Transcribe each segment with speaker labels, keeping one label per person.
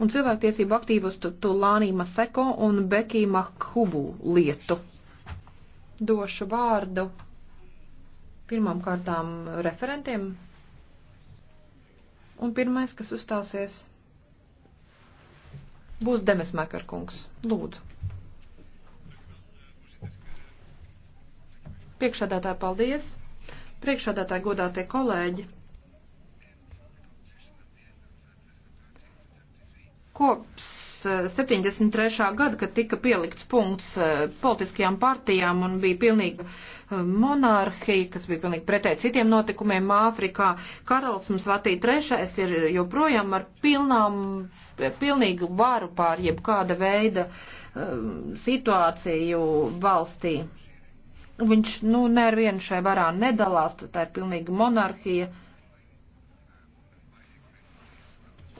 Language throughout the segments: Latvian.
Speaker 1: un cilvēktiesību aktīvistu Tulānī Maseko un Bekī Makhubu lietu. Došu vārdu pirmām kārtām referentiem. Un pirmais, kas uzstāsies, būs Demes Mekarkungs. Lūdzu. Priekšādātāji, paldies! Priekšādātāji, godātie kolēģi! kops 73. Eh, gada, kad tika pielikts punkts eh, politiskajām partijām un bija pilnīga eh, monarhija, kas bija pilnīgi pretēji citiem notikumiem Āfrikā. Karals mums Vatī trešais ir joprojām ar pilnām, pilnīgu varu pār jebkāda veida um, situāciju valstī. Viņš, nu, nevienu šai varā nedalās, tā ir pilnīga monarhija.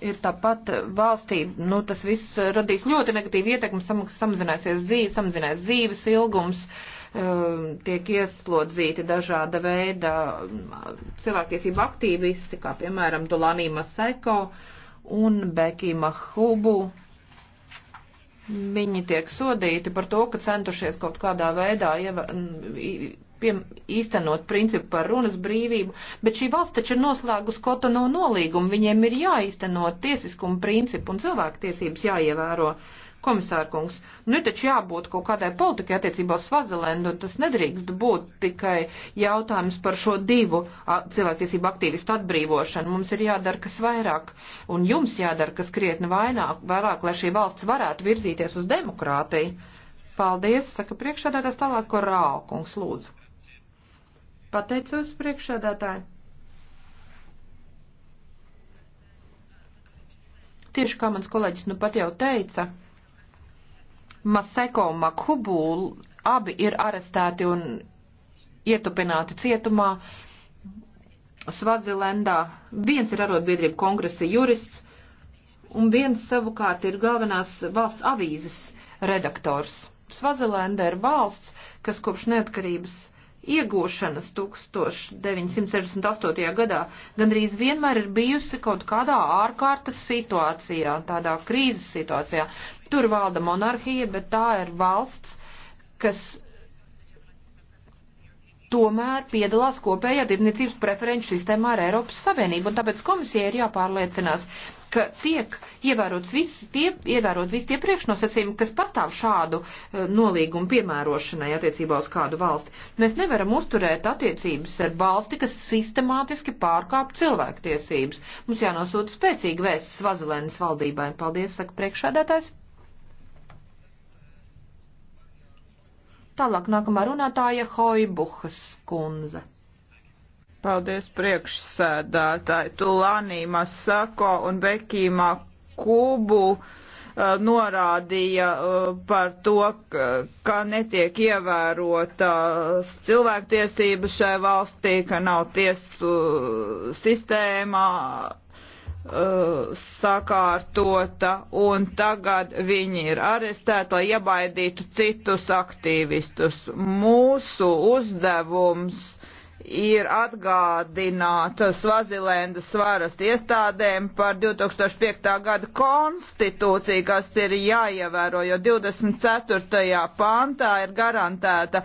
Speaker 1: ir tāpat valstī, nu, tas viss radīs ļoti negatīvu ietekmi, samazināsies dzīves, samazinās dzīves ilgums, um, tiek ieslodzīti dažāda veida um, cilvēktiesība aktīvisti, kā piemēram Dolānī Maseko un Bekī Mahubu. Viņi tiek sodīti par to, ka centušies kaut kādā veidā ieva, pie, īstenot principu par runas brīvību, bet šī valsts taču ir noslēgus Kotono nolīgumu, viņiem ir jāīstenot tiesiskuma principu un cilvēktiesības jāievēro. Komisārkungs, nu ir taču jābūt kaut kādai politikai attiecībā uz Svazelendu, un tas nedrīkst būt tikai jautājums par šo divu cilvēktiesību aktīvistu atbrīvošanu. Mums ir jādara kas vairāk, un jums jādara kas krietni vairāk, vairāk lai šī valsts varētu virzīties uz demokrātiju. Paldies, saka priekšādātājs tālāk, ko Rākungs lūdzu. Pateicos priekšsēdētāji. Tieši kā mans kolēģis nu pat jau teica, Maseko un Makhubul abi ir arestēti un ietupināti cietumā Svazilendā. Viens ir arotbiedrība kongresa jurists, un viens savukārt ir galvenās valsts avīzes redaktors. Svazilenda ir valsts, kas kopš neatkarības iegūšanas 1968. gadā gandrīz vienmēr ir bijusi kaut kādā ārkārtas situācijā, tādā krīzes situācijā. Tur valda monarhija, bet tā ir valsts, kas tomēr piedalās kopējā tirdzniecības preferenču sistēmā ar Eiropas Savienību, un tāpēc komisija ir jāpārliecinās, ka tiek ievērots visi tie, ievērot visi tie priekšnosacījumi, kas pastāv šādu e, nolīgumu piemērošanai attiecībā uz kādu valsti. Mēs nevaram uzturēt attiecības ar valsti, kas sistemātiski pārkāp cilvēktiesības. Mums jānosūta spēcīgi vēsts Svazilēnas valdībai. Paldies, saka priekšādātājs. Tālāk nākamā runātāja Hoibuhas kundze.
Speaker 2: Paldies priekšsēdētāji. Tulānī Masako un Bekīmā Kubu uh, norādīja uh, par to, ka netiek ievērota cilvēktiesības šai valstī, ka nav tiesu sistēmā uh, sakārtota, un tagad viņi ir arestēti, lai iebaidītu citus aktīvistus. Mūsu uzdevums uh, ir atgādināta Svazilendas varas iestādēm par 2005. gada konstitūciju, kas ir jāievēro, jo 24. pāntā ir garantēta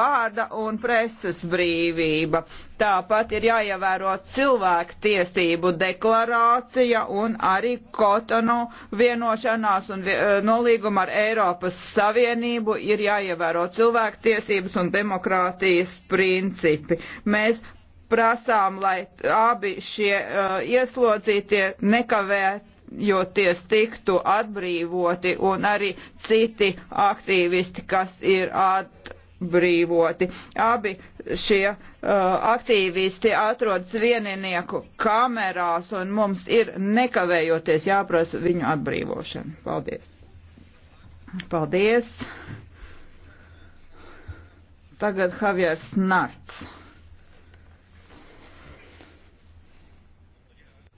Speaker 2: vārda un preses brīvība. Tāpat ir jāievēro cilvēku tiesību deklarācija un arī Kotonu vienošanās un e, nolīguma ar Eiropas Savienību ir jāievēro cilvēku tiesības un demokrātijas principi. Mēs prasām, lai abi šie uh, ieslodzītie nekavētu joties tiktu atbrīvoti un arī citi aktīvisti, kas ir at, atbrīvoti. Abi šie uh, aktīvisti atrodas vieninieku kamerās un mums ir nekavējoties jāprasa viņu atbrīvošana. Paldies. Paldies. Tagad Javiers Narts.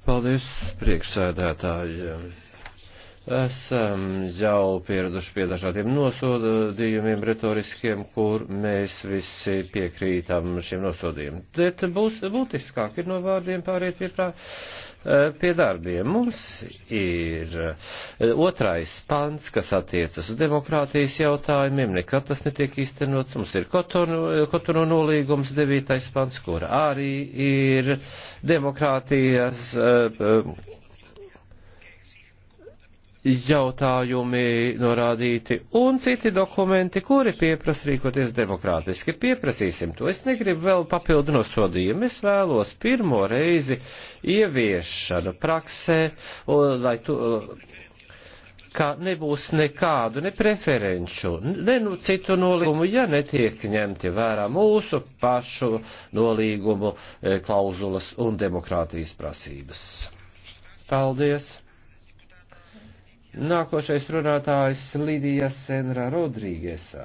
Speaker 3: Paldies priekšsēdētājiem esam jau pieraduši pie dažādiem nosodījumiem retoriskiem, kur mēs visi piekrītam šiem nosodījumiem. Bet būs būtiskāk ir no vārdiem pāriet pie, prā, eh, pie darbiem. Mums ir eh, otrais pants, kas attiecas uz demokrātijas jautājumiem, nekad tas netiek īstenots. Mums ir Kotonu nolīgums, devītais pants, kur arī ir demokrātijas. Uh, uh, jautājumi norādīti un citi dokumenti, kuri pieprasa rīkoties demokrātiski. Pieprasīsim to. Es negribu vēl papildu nosodījumu. Es vēlos pirmo reizi ieviešanu praksē, un, lai tu, ka nebūs nekādu ne preferenču, ne nu citu nolīgumu, ja netiek ņemti vērā mūsu pašu nolīgumu e, klauzulas un demokrātijas prasības. Paldies! Nākošais runātājs Lidija Senra Rodrīgesā.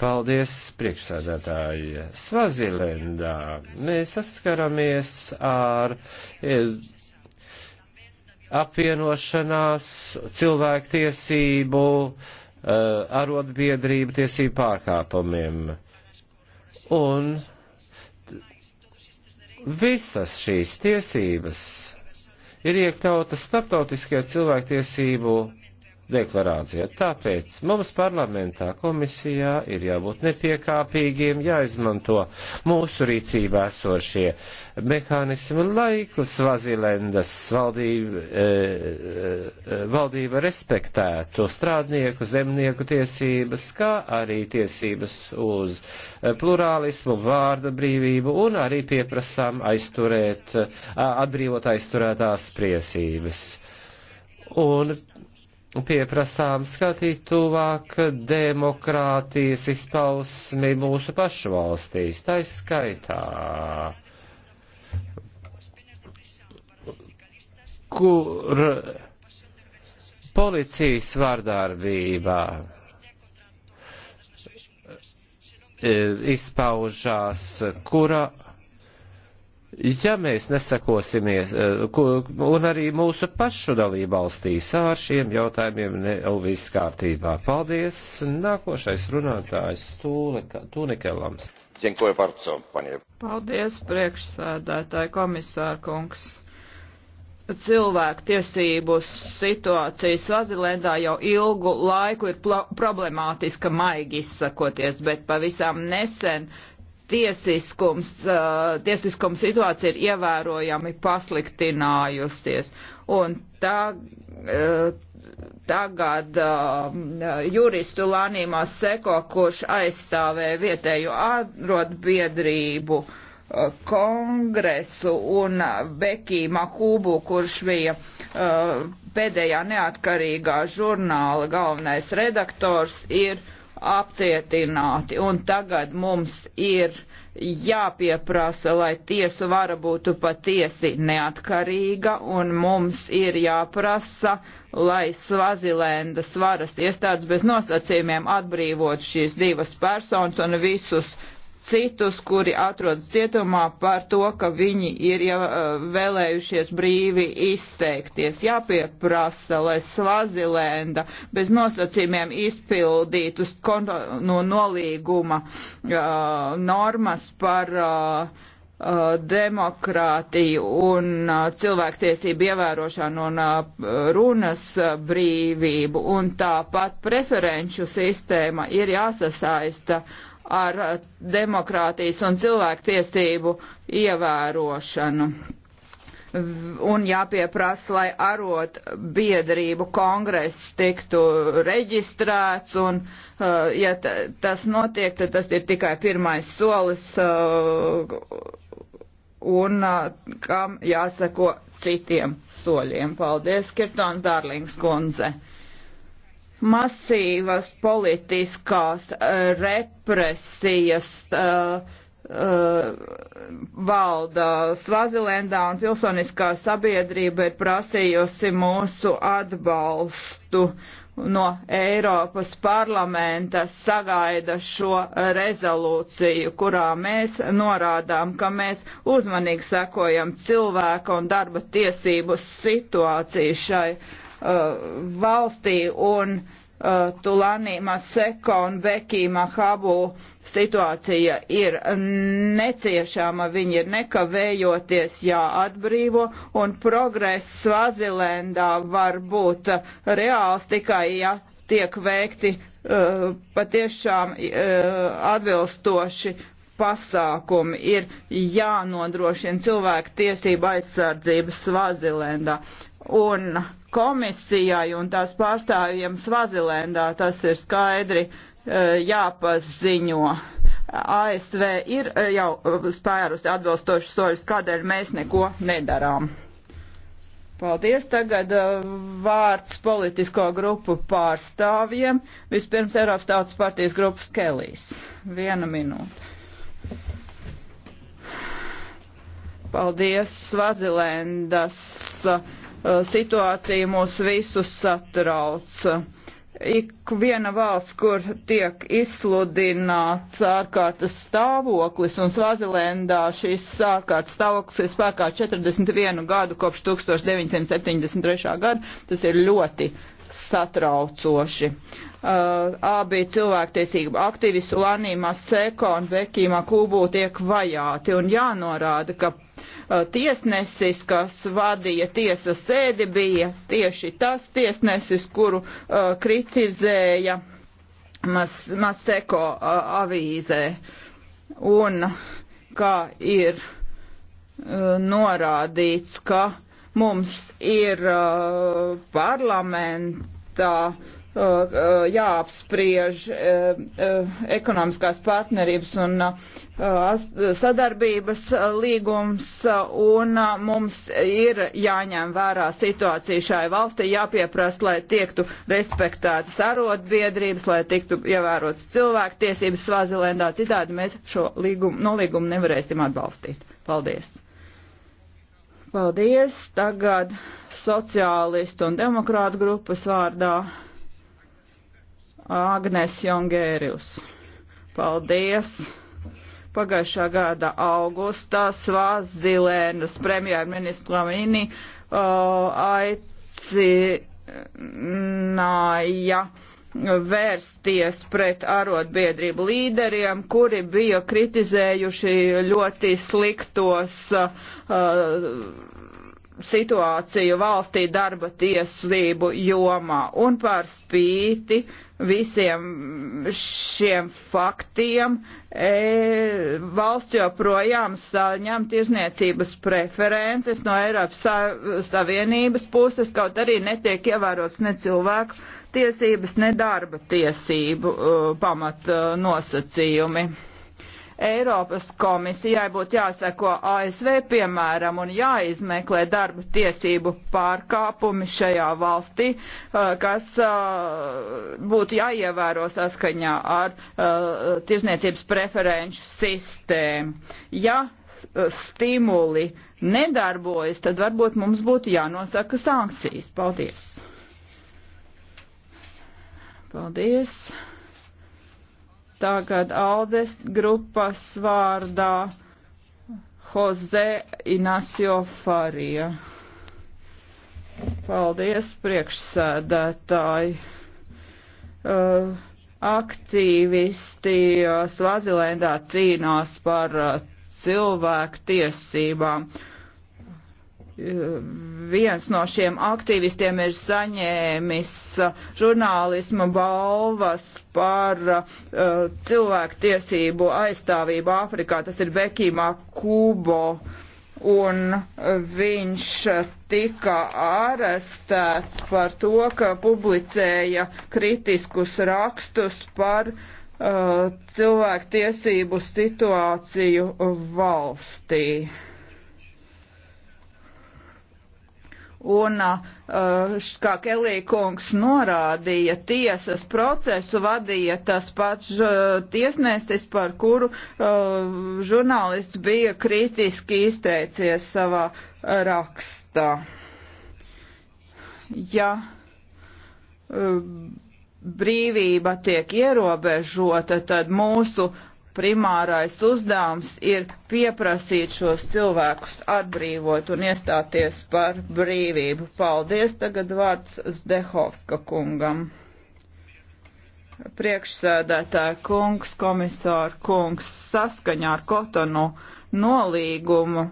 Speaker 3: Paldies, priekšsēdētāji. Svazilendā mēs saskaramies ar e, apvienošanās cilvēktiesību, e, arotbiedrību tiesību pārkāpumiem. Un visas šīs tiesības ir iekļautas starptautiskajā cilvēktiesību deklarācijā. Tāpēc mums parlamentā komisijā ir jābūt nepiekāpīgiem, jāizmanto mūsu rīcībā esošie mehānismi, laiku Svazilendas valdība, e, e, valdība respektētu strādnieku, zemnieku tiesības, kā arī tiesības uz plurālismu, vārda brīvību un arī pieprasām aizturēt, atbrīvot aizturētās priesības. Un pieprasām skatīt tuvāk demokrātijas izpausmi mūsu pašu valstīs, tā skaitā, kur policijas vardarbībā e, izpaužās, kura ja mēs nesakosimies, eh, un arī mūsu pašu dalību valstīs ar šiem jautājumiem nav viss kārtībā. Paldies! Nākošais runātājs Tūnekelams.
Speaker 2: Paldies, priekšsēdētāji komisāra kungs. Cilvēku tiesību situācija Svazilendā jau ilgu laiku ir problemātiska, maigi izsakoties, bet pavisam nesen tiesiskums, tiesiskums situācija ir ievērojami pasliktinājusies. Un tā, tagad juristu Lanīmā Seko, kurš aizstāvē vietēju arotbiedrību kongresu un Bekī Makūbu, kurš bija pēdējā neatkarīgā žurnāla galvenais redaktors, ir uh, apcietināti. Un tagad mums ir jāpieprasa, lai tiesu vara būtu patiesi neatkarīga, un mums ir jāprasa, lai Svazilendas varas iestādes bez nosacījumiem atbrīvot šīs divas personas un visus citus, kuri atrodas cietumā par to, ka viņi ir jau vēlējušies brīvi izteikties. Jāpieprasa, lai Svazilenda bez nosacījumiem izpildītu no nu, nolīguma uh, normas par uh, demokrātiju un cilvēktiesību ievērošanu un runas brīvību, un tāpat preferenču sistēma ir jāsasaista ar eh, demokrātijas un cilvēktiesību ievērošanu un jāpieprasa, lai arot biedrību kongress tiktu reģistrēts, un eh, ja tas notiek, tad tas ir tikai pirmais solis, eh, un kam jāsako citiem soļiem. Paldies, Kirtons Dārlings kundze masīvas politiskās eh, represijas uh, Uh, valda Svazilendā un pilsoniskā sabiedrība ir prasījusi mūsu atbalstu no Eiropas parlamenta sagaida šo rezolūciju, kurā mēs norādām, ka mēs uzmanīgi sekojam cilvēka un darba tiesību situāciju šai Uh, valstī un uh, Tulani Maseko un Bekī Mahabu situācija ir neciešama, viņi ir nekavējoties jāatbrīvo, un progress Svazilendā var būt reāls tikai, ja tiek veikti uh, patiešām uh, atbilstoši pasākumi ir jānodrošina cilvēku tiesība aizsardzības Svazilendā. Un uh, komisijai un tās pārstāvjiem Svazilendā tas ir skaidri e, jāpaziņo. ASV ir e, jau spērusi atbilstošas soļus, kādēļ mēs neko nedarām. Paldies. Tagad e, vārds politisko grupu pārstāvjiem. Vispirms Eiropas Tautas partijas grupas Kelijs. Viena minūte. Paldies Svazilendas. Uh, Eh, situācija mūs visus satrauc. Ik viena valsts, kur tiek izsludināts ārkārtas stāvoklis, un Svazilendā šis ārkārtas stāvoklis ir spēkā 41 gadu kopš 1973. gada, tas ir ļoti satraucoši. Uh, abi cilvēktiesību aktīvisti Lanī Maseko un Vekīma Kubu tiek vajāti un jānorāda, ka uh, tiesnesis, kas vadīja tiesas sēdi, bija tieši tas tiesnesis, kuru uh, kritizēja Mas, Maseko uh, avīzē. Un kā ir uh, norādīts, ka uh, Mums ir uh, parlamentā uh, uh, jāapspriež uh, uh, ekonomiskās partnerības un uh, sadarbības līgums, un mums ir jāņem vērā situācija šai valstī, jāpieprast, lai tiektu respektētas arotbiedrības, lai tiktu ievērotas cilvēktiesības Svazilendā, citādi mēs šo līgumu, nolīgumu nevarēsim atbalstīt. Paldies! Paldies! Tagad sociālistu un demokrātu grupas vārdā Agnes Jongērius. Paldies! Pagājušā gada augustā Svazilēnas premjerministra Lamini uh, aicināja vērsties pret arotbiedrību līderiem, kuri bija kritizējuši ļoti sliktos uh, situāciju valstī darba tiesību jomā. Un par spīti visiem šiem faktiem e, valsts joprojām saņem tirzniecības preferences no Eiropas Savienības puses, kaut arī netiek ievērots ne cilvēku tiesības, ne darba tiesību uh, pamat uh, nosacījumi. Eiropas komisijai būtu jāseko ASV piemēram un jāizmeklē darba tiesību pārkāpumi šajā valstī, uh, kas būtu jāievēro saskaņā ar tirzniecības preferenču sistēmu. Ja stimuli nedarbojas, tad varbūt mums būtu jānosaka sankcijas. Paldies! Paldies. Tagad Aldes grupas vārdā Jose Inacio Farija. Paldies, priekšsēdētāji. Uh, aktīvisti uh, Svazilendā cīnās par uh, cilvēku tiesībām. Uh, viens no šiem aktīvistiem ir saņēmis uh, žurnālismu balvas par uh, cilvēku tiesību aizstāvību Āfrikā. Tas ir Bekīmā Kubo. Un viņš tika arestēts par to, ka publicēja kritiskus rakstus par uh, cilvēku tiesību situāciju valstī. Uh, Un, uh, kā Kelīkungs norādīja, tiesas procesu vadīja tas pats uh, tiesnesis, par kuru uh, žurnālists bija kritiski izteicies savā rakstā. Ja brīvība tiek ierobežota, tad mūsu uh, primārais uzdevums ir pieprasīt šos cilvēkus atbrīvot un iestāties par brīvību. Paldies, tagad vārds Zdehovska kungam. Priekšsēdētāja kungs, komisāra kungs, saskaņā ar Kotonu nolīgumu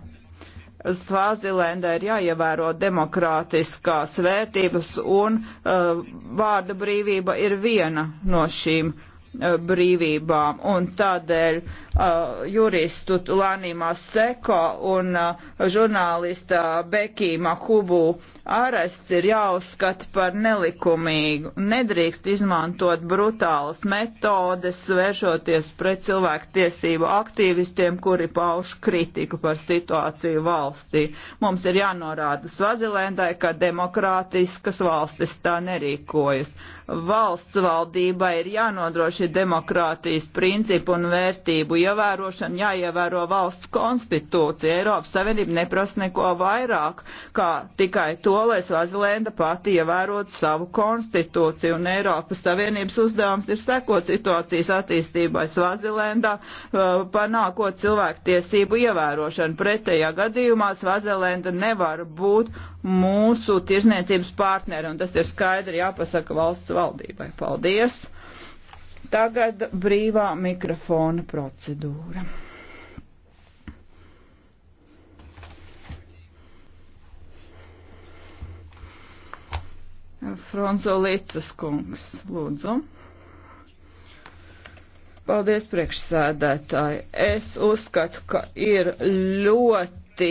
Speaker 2: Svāzilēndai ir jāievēro demokrātiskās vērtības un uh, vārda brīvība ir viena no šīm Eh, brīvībām. Un tādēļ uh, juristu Lanīmā Seko un uh, žurnālista Bekīma Hubu arests ir jāuzskata par nelikumīgu. Nedrīkst izmantot brutālas metodes, vēršoties pret cilvēku tiesību aktīvistiem, kuri pauž kritiku par situāciju valstī. Mums ir jānorāda Svazilendai, ka demokrātiskas valstis tā nerīkojas valsts valdībai ir jānodrošina demokrātijas principu un vērtību ievērošana, jāievēro valsts konstitūcija. Eiropas Savienība neprasa neko vairāk, kā tikai to, lai Svazilenda pati ievērotu savu konstitūciju. Un Eiropas Savienības uzdevums ir sekot situācijas attīstībai Svazilendā, uh, panākot cilvēktiesību ievērošanu. Pretējā gadījumā Svazilenda nevar būt mūsu tirzniecības partneri, un tas ir skaidri jāpasaka valsts valdībai. Paldies! Tagad brīvā mikrofona procedūra. Fronzolīcas kungs, lūdzu. Paldies, priekšsēdētāji. Es uzskatu, ka ir ļoti ļoti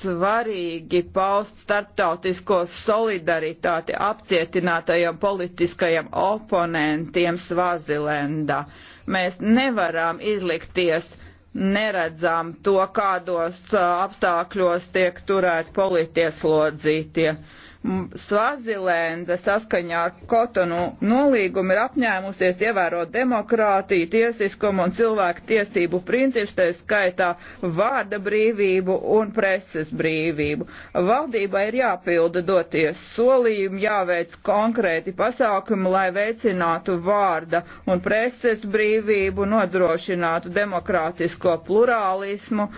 Speaker 2: svarīgi paust starptautisko solidaritāti apcietinātajiem politiskajiem oponentiem Svazilendā. Mēs nevaram izlikties neredzam to, kādos apstākļos tiek turēti politieslodzītie. Uh, Svazilēnda saskaņā ar Kotonu nolīgumu ir apņēmusies ievērot demokrātiju, tiesiskumu un cilvēku tiesību principus, tā skaitā vārda brīvību un preses brīvību. Valdībai ir jāpilda doties solījumi, jāveic konkrēti pasākumi, lai veicinātu vārda un preses brīvību, nodrošinātu demokrātisko plurālismu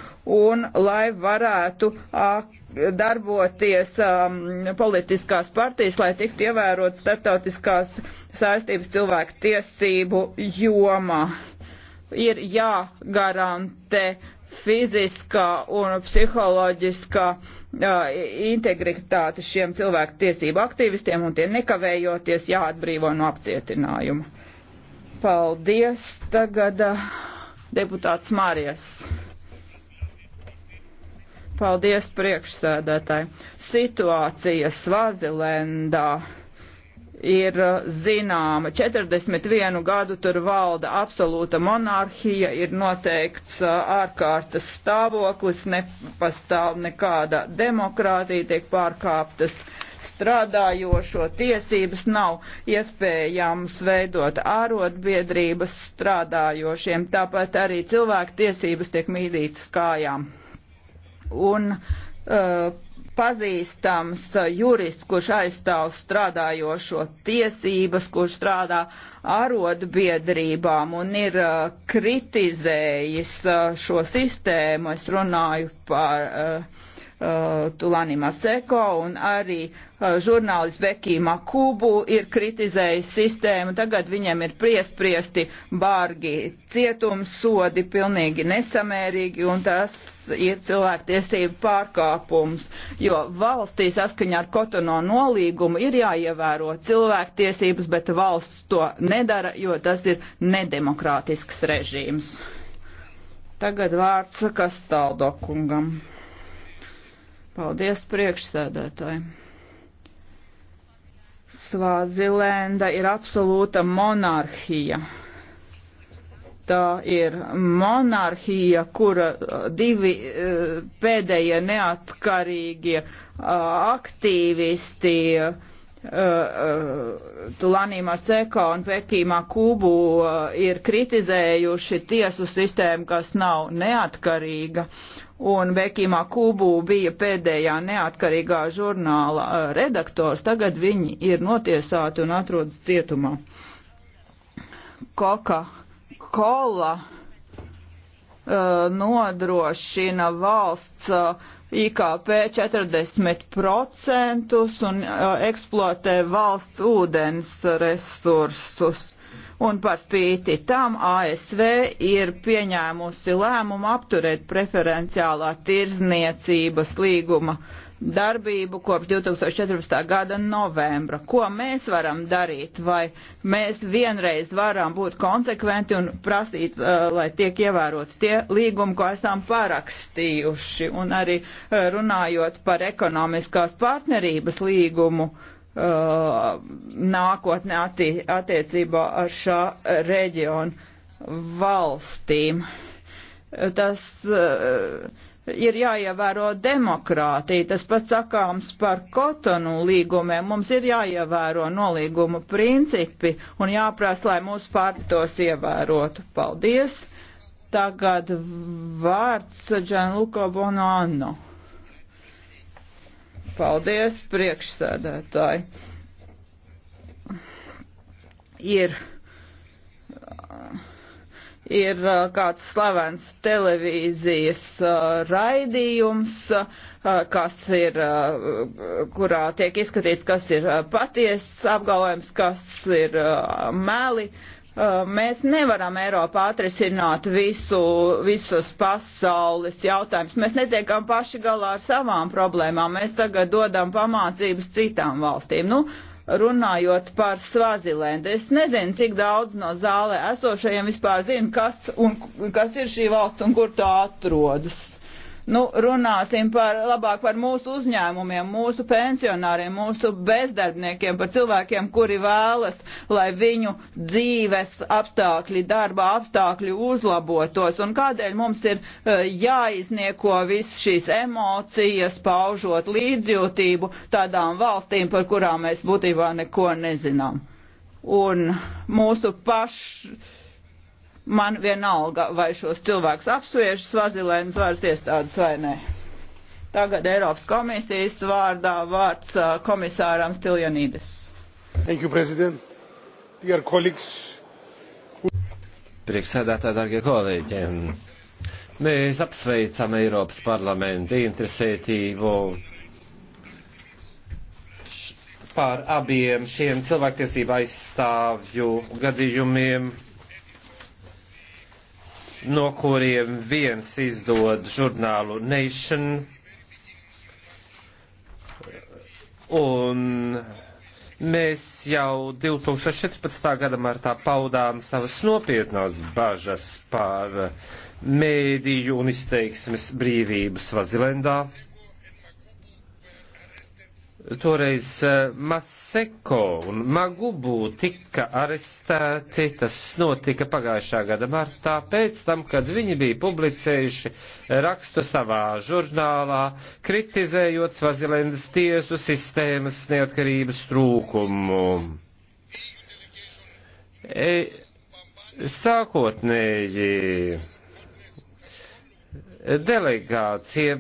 Speaker 2: un lai varētu ak darboties um, politiskās partijas, lai tiktu ievērot starptautiskās saistības cilvēku tiesību jomā. Ir jāgarantē fiziskā un psiholoģiskā uh, integritāte šiem cilvēku tiesību aktīvistiem un tie nekavējoties jāatbrīvo no apcietinājuma. Paldies tagad uh, deputāts Marijas. Paldies priekšsēdētāji. Situācija Svazilendā ir uh, zināma. 41 gadu tur valda absolūta monarhija, ir noteikts uh, ārkārtas stāvoklis, nepastāv nekāda demokrātija, tiek pārkāptas strādājošo tiesības, nav iespējams veidot ārotbiedrības strādājošiem, tāpat arī cilvēku tiesības tiek mīdītas kājām un uh, pazīstams jurists, kurš aizstāv strādājošo tiesības, kurš strādā arotbiedrībām un ir uh, kritizējis uh, šo sistēmu. Es runāju par uh, Eh, Tulani Maseko un arī eh, žurnālis Bekī Makubu ir kritizējis sistēmu. Tagad viņam ir priespriesti bārgi cietumsodi, pilnīgi nesamērīgi, un tas ir cilvēktiesību pārkāpums, jo valstī saskaņā ar Kotono nolīgumu ir jāievēro cilvēktiesības, bet valsts to nedara, jo tas ir nedemokrātisks režīms. Tagad vārds Kastaldo kungam. Paldies priekšsēdētāji. Svāzilenda ir absolūta monarhija. Tā ir monarhija, kura uh, divi uh, pēdējie neatkarīgie uh, aktīvisti Tulanīmā Seko un Pekīmā Kubu ir kritizējuši tiesu sistēmu, kas nav neatkarīga un Bekīmā Kubu bija pēdējā neatkarīgā žurnāla uh, redaktors, tagad viņi ir notiesāti un atrodas cietumā. Coca-Cola uh, nodrošina valsts uh, IKP 40% un eksploatē valsts ūdens resursus un par spīti tam ASV ir pieņēmusi lēmumu apturēt preferenciālā tirzniecības līguma darbību kopš 2014. gada novembra. Ko mēs varam darīt? Vai mēs vienreiz varam būt konsekventi un prasīt, uh, lai tiek ievēroti tie līgumi, ko esam parakstījuši? Un arī uh, runājot par ekonomiskās partnerības līgumu, uh, Uh, nākotnē atti, attiecībā ar šā reģiona valstīm. Tas uh, ir jāievēro demokrātija, tas pats sakāms par kotonu līgumiem. Mums ir jāievēro nolīgumu principi un jāprasa, lai mūsu pārti tos ievērotu. Paldies! Tagad vārds Džanluko Bonanno. Paldies, priekšsēdētāji. Ir, ir uh, kāds slavens televīzijas uh, raidījums, uh, kas ir, kurā tiek izskatīts, kas ir patiesas apgalvojums, kas ir meli Uh, mēs nevaram Eiropā atrisināt visu, visus pasaules jautājumus. Mēs netiekam paši galā ar savām problēmām. Mēs tagad dodam pamācības citām valstīm. Nu, runājot par Svazilendu, es nezinu, cik daudz no zālē esošajiem vispār zina, kas, un, kas ir šī valsts un kur tā atrodas. Nu, runāsim par, labāk par mūsu uzņēmumiem, mūsu pensionāriem, mūsu bezdarbniekiem, par cilvēkiem, kuri vēlas, lai viņu dzīves apstākļi, darba apstākļi uzlabotos. Un kādēļ mums ir uh, jāiznieko viss šīs emocijas, paužot līdzjūtību tādām valstīm, par kurām mēs būtībā neko nezinām. Un mūsu pašu Man vienalga, vai šos cilvēkus apsviež Svazilēnas varas iestādes vai nē. Tagad Eiropas komisijas vārdā vārds komisāram Stiljanīdes.
Speaker 3: Thank you, President. Dear colleagues. Priekšsēdētāji, darbie kolēģi. Mēs apsveicam Eiropas parlamenta interesētību par abiem šiem cilvēktiesību aizstāvju gadījumiem no kuriem viens izdod žurnālu Nation, un mēs jau 2014. gada martā paudām savas nopietnās bažas par mēdīju un izteiksmes brīvību Svazilendā. Toreiz eh, Maseko un Magubu tika arestēti, tas notika pagājušā gada martā, pēc tam, kad viņi bija publicējuši rakstu savā žurnālā, kritizējot Svazilendas tiesu sistēmas neatkarības trūkumu. E, sākotnēji delegācija,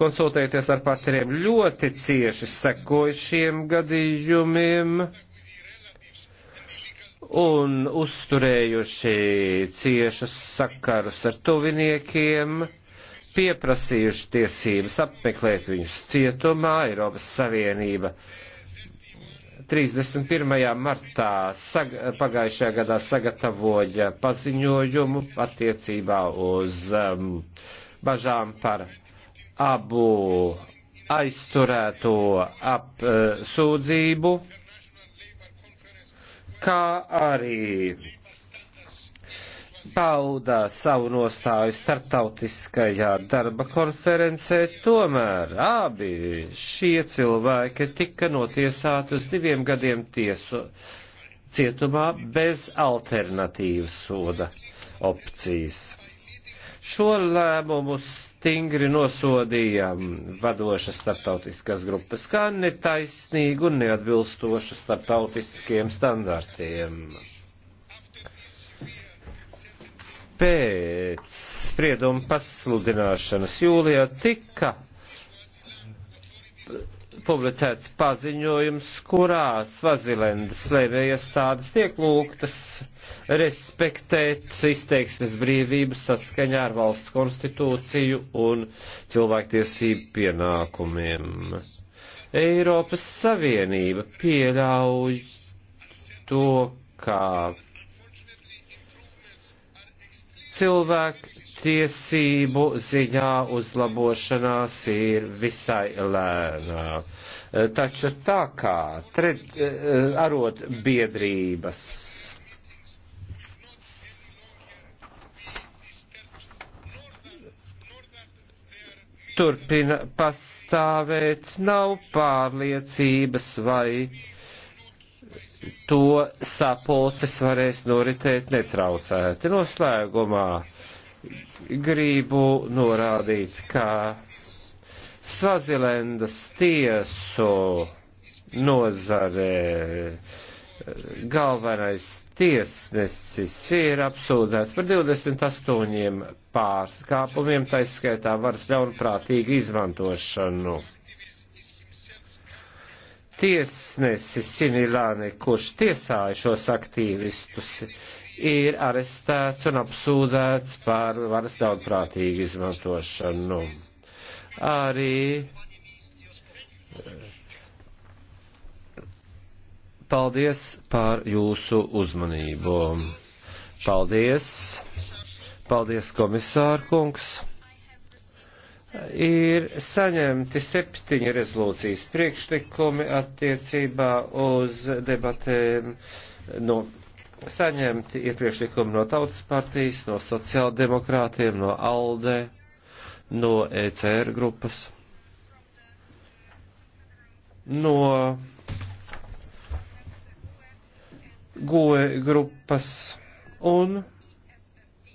Speaker 3: konsultējoties ar partneriem, ļoti cieši sekoja šiem gadījumiem un uzturējuši ciešus sakarus ar tuviniekiem, pieprasījuši tiesības apmeklēt viņus cietumā, Eiropas Savienība uh, 31. martā sag, pagājušajā gadā sagatavoja paziņojumu attiecībā uz um, bažām par abu aizturēto apsūdzību, uh, kā arī pauda savu nostāju startautiskajā darba konferencē, tomēr abi šie cilvēki tika notiesāti uz diviem gadiem tiesu cietumā bez alternatīvas soda opcijas. Šo lēmumu stingri nosodīja vadoša starptautiskās grupas, kā netaisnīgu un neatbilstošu starptautiskiem standartiem pēc sprieduma pasludināšanas jūlijā tika publicēts paziņojums, kurā Svazilendas lēmējiestādes tiek lūgtas respektēt izteiksmes brīvību saskaņā ar valsts konstitūciju un cilvēktiesību pienākumiem. Eiropas Savienība pieļauj to, kā cilvēku tiesību ziņā uzlabošanās ir visai lēnā. Eh, taču tā kā tred, eh, arot biedrības turpina pastāvēt, nav pārliecības vai to sapulces varēs noritēt netraucēti. Noslēgumā gribu norādīt, ka Svazilendas tiesu nozare galvenais tiesnesis ir apsūdzēts par 28 pārkāpumiem, taiskaitā varas ļaunprātīgu izmantošanu tiesnesis Similāne, kurš tiesāja šos aktīvistus, ir arestēts un apsūdzēts par varas daudprātīgu izmantošanu. Arī eh, paldies par jūsu uzmanību. Paldies. Paldies, komisārkungs ir saņemti septiņi rezolūcijas priekšlikumi attiecībā uz debatēm no saņemti ir priekšlikumi no Tautas partijas, no sociāldemokrātiem, no ALDE, no ECR grupas, no GOE grupas un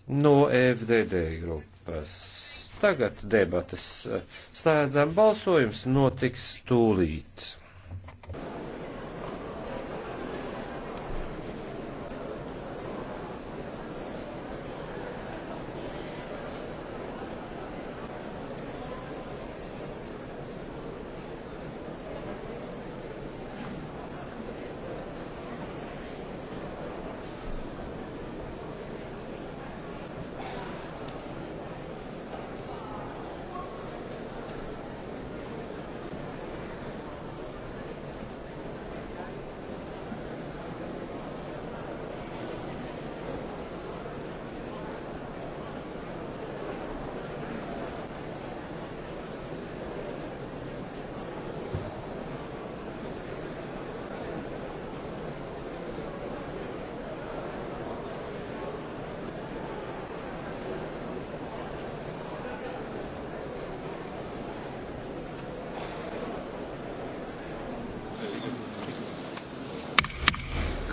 Speaker 3: no e FDD grupas. Tagad debatas slēdzam, balsojums notiks tūlīt.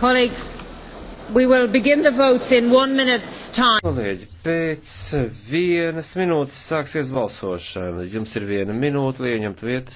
Speaker 3: Kolēģis, Kolēģi, pēc vienas minūtes sāksies balsošana. Jums ir viena minūte, lai ieņemtu vietas.